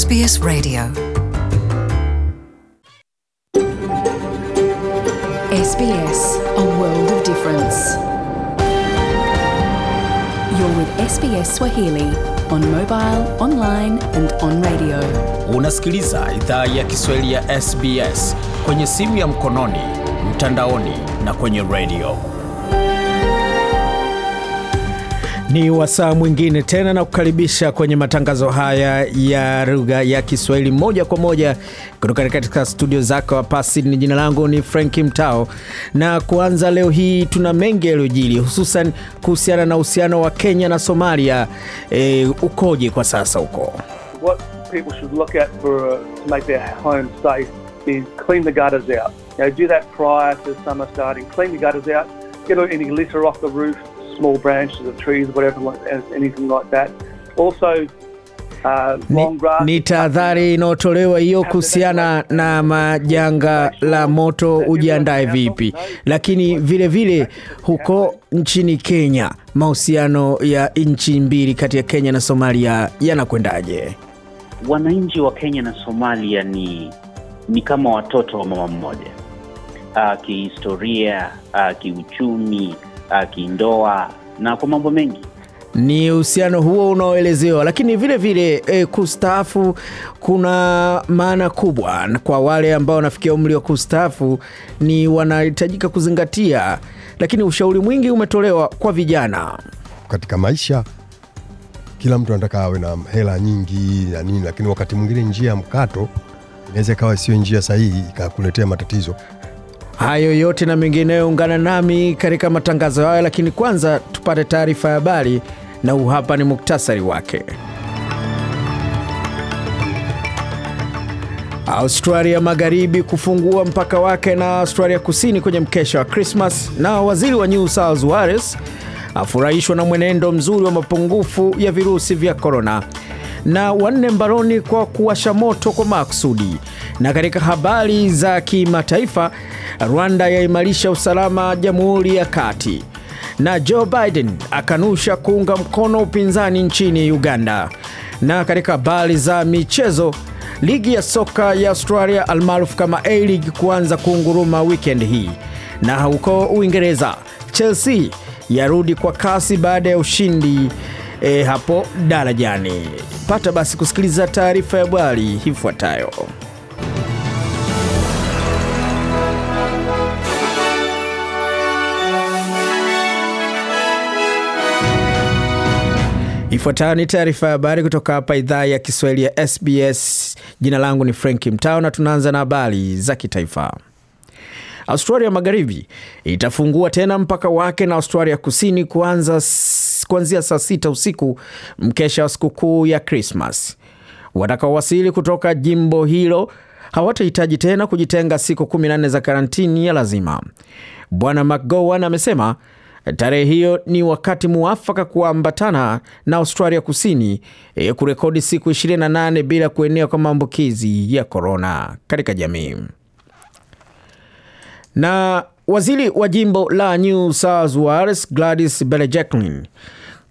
SBS Radio. SBS, a world of difference. You're with SBS Swahili on mobile, online and on radio. Unasikiliza idhaa ya Kiswahili ya SBS kwenye simu ya mkononi, mtandaoni na kwenye radio. Ni wasaa mwingine tena na kukaribisha kwenye matangazo haya ya lugha ya Kiswahili moja kwa moja kutoka katika studio zako hapa Sydney. Jina langu ni Frank Mtao, na kuanza leo hii tuna mengi yaliyojiri, hususan kuhusiana na uhusiano wa Kenya na Somalia. E, ukoje kwa sasa huko? What small branches of trees, whatever, anything like that. Also, uh, Ni, ni tahadhari inayotolewa hiyo kuhusiana na majanga la uh, moto, ujiandae vipi? Lakini vile vile huko nchini Kenya, mahusiano ya nchi mbili kati ya Kenya na Somalia yanakwendaje? Wananchi wa Kenya na Somalia ni, ni kama watoto wa mama mmoja, ah, kihistoria, ah, kiuchumi kindoa na kwa mambo mengi ni uhusiano huo unaoelezewa, lakini vile vile e, kustaafu kuna maana kubwa kwa wale ambao wanafikia umri wa kustaafu, ni wanahitajika kuzingatia, lakini ushauri mwingi umetolewa kwa vijana katika maisha. Kila mtu anataka awe na hela nyingi na nini, lakini wakati mwingine njia ya mkato inaweza ikawa sio njia sahihi ikakuletea matatizo. Hayo yote na mengineyo, ungana nami katika matangazo hayo lakini kwanza tupate taarifa ya habari, na huu hapa ni muktasari wake. Australia Magharibi kufungua mpaka wake na Australia Kusini kwenye mkesha wa Krismas, na waziri wa New South Wales afurahishwa na mwenendo mzuri wa mapungufu ya virusi vya korona, na wanne mbaroni kwa kuwasha moto kwa makusudi. Na katika habari za kimataifa, Rwanda yaimarisha usalama Jamhuri ya Kati, na Joe Biden akanusha kuunga mkono upinzani nchini Uganda. Na katika habari za michezo, ligi ya soka ya Australia almaarufu kama A-League kuanza kunguruma weekend hii, na huko Uingereza Chelsea yarudi kwa kasi baada ya ushindi e, hapo darajani. Pata basi kusikiliza taarifa ya habari ifuatayo. Ifuatayo ni taarifa ya habari kutoka hapa idhaa ya Kiswahili ya SBS. Jina langu ni Frank Mtao na tunaanza na habari za kitaifa. Australia Magharibi itafungua tena mpaka wake na Australia Kusini kuanza kuanzia saa sita usiku mkesha wa sikukuu ya Krismas. Watakaowasili kutoka jimbo hilo hawatahitaji tena kujitenga siku 14 za karantini ya lazima. Bwana McGowan amesema Tarehe hiyo ni wakati muafaka kuambatana na Australia Kusini e, kurekodi siku 28 bila kuenea kwa maambukizi ya korona katika jamii. Na waziri wa jimbo la New South Wales Gladys Berejiklian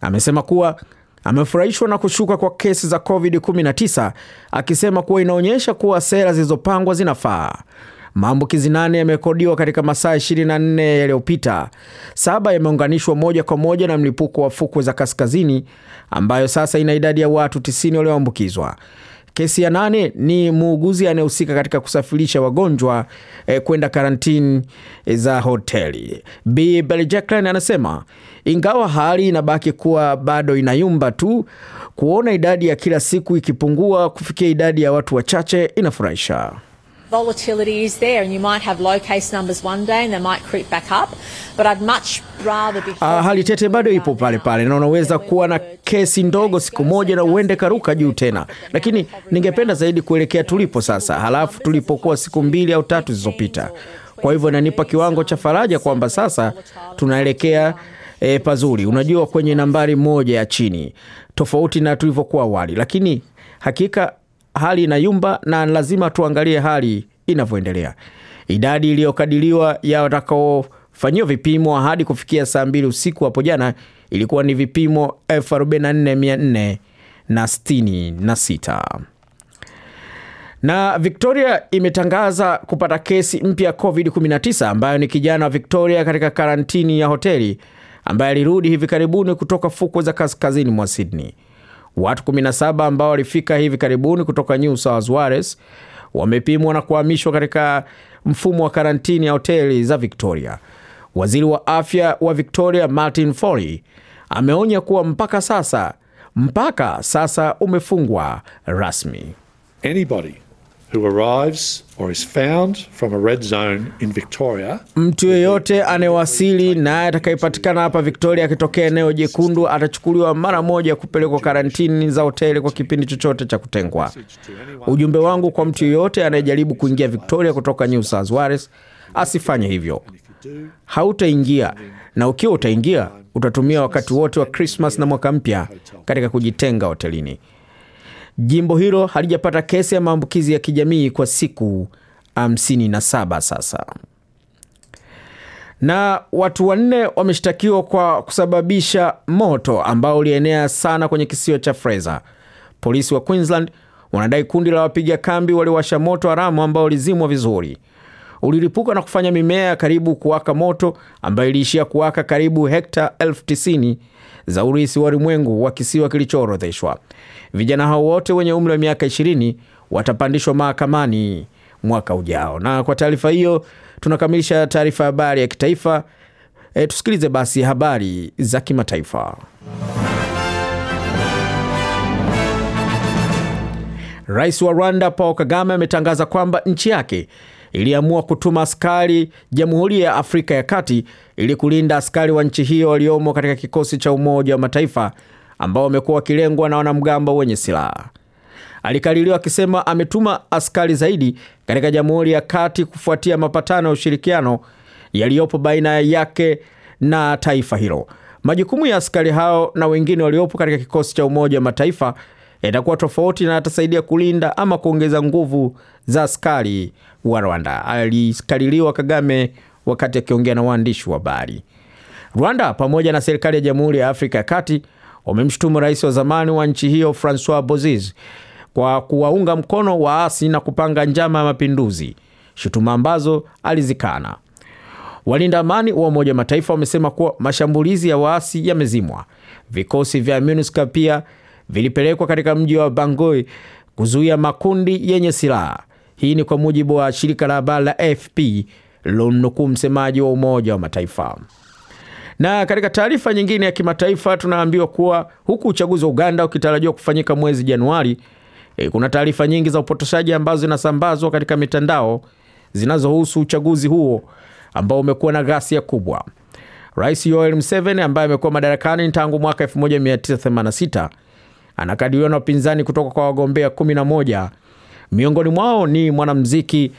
amesema kuwa amefurahishwa na kushuka kwa kesi za COVID-19 akisema kuwa inaonyesha kuwa sera zilizopangwa zinafaa. Maambukizi nane yamerekodiwa katika masaa 24 yaliyopita. Saba yameunganishwa moja kwa moja na mlipuko wa fukwe za kaskazini ambayo sasa ina idadi ya watu 90 walioambukizwa. Kesi ya nane ni muuguzi anayehusika katika kusafirisha wagonjwa eh, kwenda karantini eh, za hoteli. B Beljaclan anasema ingawa hali inabaki kuwa bado inayumba tu, kuona idadi ya kila siku ikipungua kufikia idadi ya watu wachache inafurahisha. Volatility is there and you might have low case numbers one day and they might creep back up. But I'd much rather be... uh, hali tete bado ipo pale pale na unaweza kuwa na kesi ndogo siku moja na uende karuka juu tena, lakini ningependa zaidi kuelekea tulipo sasa, halafu tulipokuwa siku mbili au tatu zilizopita. Kwa hivyo nanipa kiwango cha faraja kwamba sasa tunaelekea e, pazuri, unajua, kwenye nambari moja ya chini, tofauti na tulivyokuwa awali, lakini hakika hali inayumba na lazima tuangalie hali inavyoendelea. Idadi iliyokadiriwa ya watakaofanyiwa vipimo hadi kufikia saa mbili usiku hapo jana ilikuwa ni vipimo 44466 na Victoria imetangaza kupata kesi mpya COVID-19 ambayo ni kijana wa Victoria katika karantini ya hoteli ambaye alirudi hivi karibuni kutoka fukwe za kaskazini mwa Sydney. Watu 17 ambao walifika hivi karibuni kutoka New South Wales wamepimwa na kuhamishwa katika mfumo wa karantini ya hoteli za Victoria. Waziri wa afya wa Victoria Martin Foley ameonya kuwa mpaka sasa mpaka sasa umefungwa rasmi. Anybody who arrives or is found from a red zone in Victoria. Mtu yeyote anayewasili naye atakayepatikana hapa Victoria akitokea eneo jekundu atachukuliwa mara moja kupelekwa karantini za hoteli kwa kipindi chochote cha kutengwa. Ujumbe wangu kwa mtu yeyote anayejaribu kuingia Victoria kutoka New South Wales asifanye hivyo. Hautaingia, na ukiwa utaingia, utatumia wakati wote wa Krismas na mwaka mpya katika kujitenga hotelini. Jimbo hilo halijapata kesi ya maambukizi ya kijamii kwa siku 57 sasa. Na watu wanne wameshtakiwa kwa kusababisha moto ambao ulienea sana kwenye kisiwa cha Fraser. Polisi wa Queensland wanadai kundi la wapiga kambi waliowasha moto haramu ambao ulizimwa vizuri ulilipuka na kufanya mimea karibu kuwaka moto ambayo iliishia kuwaka karibu hekta 90 za urisi wa ulimwengu wa kisiwa kilichoorodheshwa. Vijana hao wote wenye umri wa miaka 20 watapandishwa mahakamani mwaka ujao. Na kwa taarifa hiyo tunakamilisha taarifa ya habari ya kitaifa. E, tusikilize basi habari za kimataifa. Rais wa Rwanda Paul Kagame ametangaza kwamba nchi yake iliamua kutuma askari Jamhuri ya Afrika ya Kati ili kulinda askari wa nchi hiyo waliomo katika kikosi cha Umoja wa Mataifa ambao wamekuwa wakilengwa na wanamgambo wenye silaha. Alikaririwa akisema ametuma askari zaidi katika Jamhuri ya Kati kufuatia mapatano ya ushirikiano yaliyopo baina yake na taifa hilo. Majukumu ya askari hao na wengine waliopo katika kikosi cha Umoja wa Mataifa yatakuwa tofauti na yatasaidia kulinda ama kuongeza nguvu za askari wa Rwanda, alikaririwa Kagame wakati akiongea na waandishi wa habari. Rwanda pamoja na serikali ya Jamhuri ya Afrika ya Kati wamemshutumu rais wa zamani wa nchi hiyo Francois Bozize kwa kuwaunga mkono waasi na kupanga njama ya mapinduzi, shutuma ambazo alizikana. Walinda amani wa Umoja wa Mataifa wamesema kuwa mashambulizi ya waasi yamezimwa. Vikosi vya MONUSCO pia vilipelekwa katika mji wa Bangui kuzuia makundi yenye silaha. Hii ni kwa mujibu wa shirika la habari la AFP lilomnukuu msemaji wa Umoja wa Mataifa. Na katika taarifa nyingine ya kimataifa, tunaambiwa kuwa huku uchaguzi wa Uganda ukitarajiwa kufanyika mwezi Januari, e, kuna taarifa nyingi za upotoshaji ambazo zinasambazwa katika mitandao zinazohusu uchaguzi huo ambao umekuwa na ghasia kubwa. Rais Yoweri Museveni ambaye amekuwa madarakani tangu mwaka 1986 anakadiriwa na upinzani kutoka kwa wagombea 11. Miongoni mwao ni mwanamuziki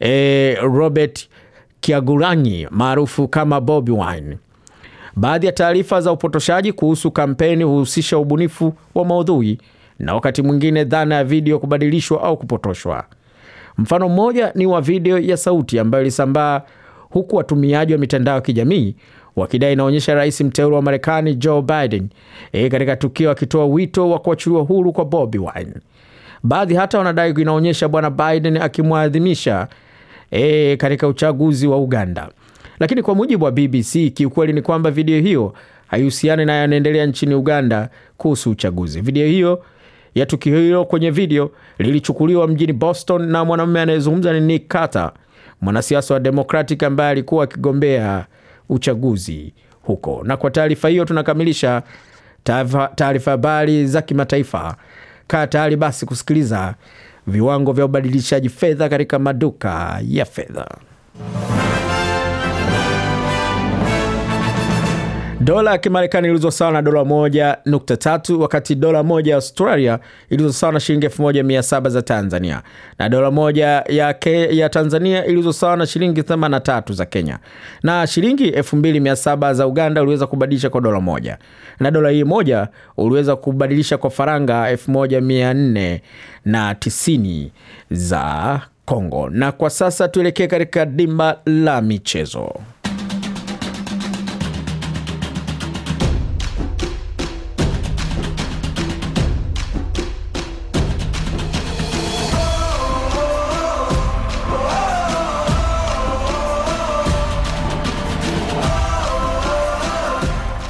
e, Robert Kyagulanyi maarufu kama Bobi Wine. Baadhi ya taarifa za upotoshaji kuhusu kampeni huhusisha ubunifu wa maudhui na wakati mwingine dhana ya video kubadilishwa au kupotoshwa. Mfano mmoja ni wa video ya sauti ambayo ilisambaa huku watumiaji wa mitandao ya kijamii wakidai inaonyesha rais mteule wa Marekani Joe Biden e, katika tukio akitoa wito wa kuachiliwa huru kwa Bobi Wine. Baadhi hata wanadai inaonyesha bwana Biden akimwadhimisha e, katika uchaguzi wa Uganda. Lakini kwa mujibu wa BBC, kiukweli ni kwamba video hiyo haihusiani na yanaendelea nchini Uganda kuhusu uchaguzi. Video hiyo ya tukio hilo kwenye video lilichukuliwa mjini Boston na mwanamume anayezungumza ni Nick Carter, mwanasiasa wa Democratic ambaye alikuwa akigombea uchaguzi huko. Na kwa taarifa hiyo tunakamilisha taarifa habari za kimataifa. Kaa tayari basi kusikiliza viwango vya ubadilishaji fedha katika maduka ya fedha. Dola ya Kimarekani iliuzwa sawa na dola moja nukta tatu wakati dola moja ya Australia iliuzwa sawa na shilingi elfu moja mia saba za Tanzania na dola moja ya, ke, ya Tanzania iliuzwa sawa na shilingi 83 za Kenya na shilingi elfu mbili mia saba za Uganda uliweza kubadilisha kwa dola moja na dola hii moja uliweza kubadilisha kwa faranga elfu moja mia nne na tisini za Kongo. Na kwa sasa tuelekee katika dimba la michezo.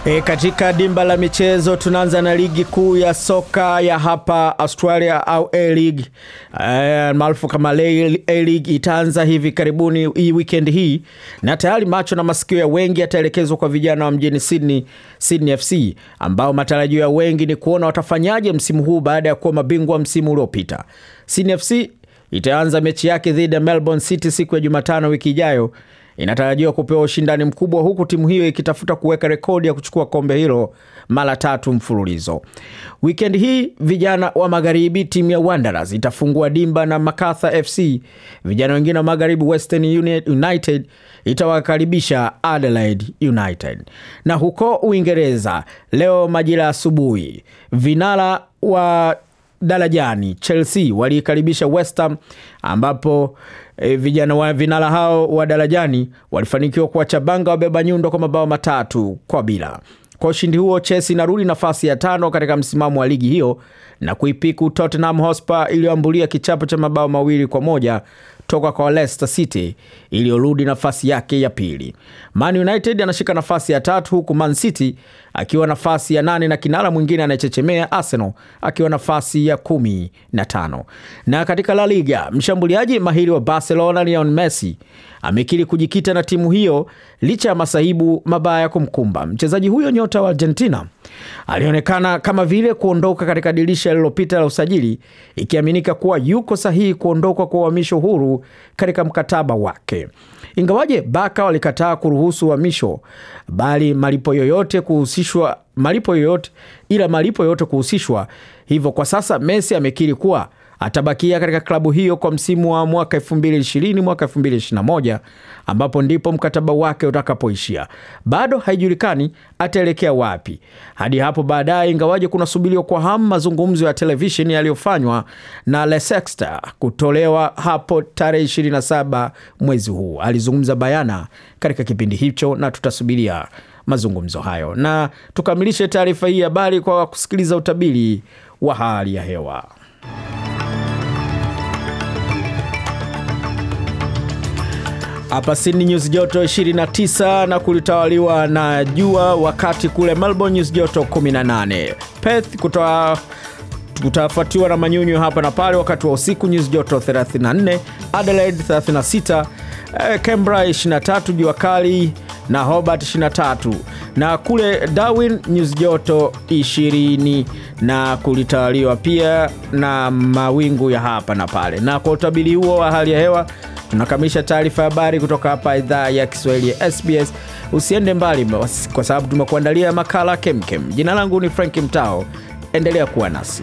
E, katika dimba la michezo tunaanza na ligi kuu ya soka ya hapa Australia au A-League e, maarufu kama A-League itaanza hivi karibuni hii weekend hii, na tayari macho na masikio ya wengi yataelekezwa kwa vijana wa mjini Sydney, Sydney FC ambao matarajio ya wengi ni kuona watafanyaje msimu huu baada ya kuwa mabingwa msimu uliopita. Sydney FC itaanza mechi yake dhidi ya Melbourne City siku ya Jumatano wiki ijayo inatarajiwa kupewa ushindani mkubwa huku timu hiyo ikitafuta kuweka rekodi ya kuchukua kombe hilo mara tatu mfululizo. Wikendi hii vijana wa magharibi, timu ya Wanderers itafungua dimba na Makatha FC. Vijana wengine wa magharibi, Western United itawakaribisha Adelaide United. Na huko Uingereza leo majira asubuhi, vinara wa darajani Chelsea waliikaribisha West Ham ambapo e, vijana wa vinara hao wa darajani walifanikiwa banga wabeba nyundo kwa mabao matatu kwa bila. Kwa ushindi huo, Chelsea inarudi nafasi ya tano katika msimamo wa ligi hiyo na kuipiku Tottenham Hotspur iliyoambulia kichapo cha mabao mawili kwa moja toka kwa Leicester City iliyorudi nafasi yake ya pili. Man United anashika nafasi ya tatu huku Man City akiwa nafasi ya nane na kinara mwingine anayechechemea Arsenal akiwa nafasi ya kumi na tano. Na katika La Liga, mshambuliaji mahiri wa Barcelona Lionel Messi amekiri kujikita na timu hiyo licha ya masahibu mabaya ya kumkumba mchezaji huyo. Nyota wa Argentina alionekana kama vile kuondoka katika dirisha lililopita la usajili, ikiaminika kuwa yuko sahihi kuondoka kwa uhamisho huru katika mkataba wake. Ingawaje Baka walikataa kuruhusu uhamisho, bali malipo yoyote kuhusishwa malipo yoyote ila malipo yoyote kuhusishwa. Hivyo kwa sasa Messi amekiri kuwa Atabakia katika klabu hiyo kwa msimu wa mwaka 2020 mwaka 2021, ambapo ndipo mkataba wake utakapoishia. Bado haijulikani ataelekea wapi hadi hapo baadaye, ingawaje kunasubiriwa kwa hamu mazungumzo ya televisheni yaliyofanywa na Le kutolewa hapo tarehe 27 mwezi huu. Alizungumza bayana katika kipindi hicho na tutasubiria mazungumzo hayo, na tukamilishe taarifa hii habari kwa kusikiliza utabiri wa hali ya hewa. Hapa Sydney nyuzi joto 29 na kulitawaliwa na jua, wakati kule Melbourne nyuzi joto 18. Perth kutoa kutafuatiwa na manyunyu hapa na pale wakati wa usiku, nyuzi joto 34. Adelaide 36, eh, Canberra 23 jua kali na Hobart 23 na kule Darwin nyuzi joto 20 na kulitawaliwa pia na mawingu ya hapa na pale. Na kwa utabiri huo wa hali ya hewa Tunakamilisha taarifa ya habari kutoka hapa idhaa ya Kiswahili ya SBS. Usiende mbali kwa sababu tumekuandalia makala kemkem. Jina langu ni Frank Mtao, endelea kuwa nasi.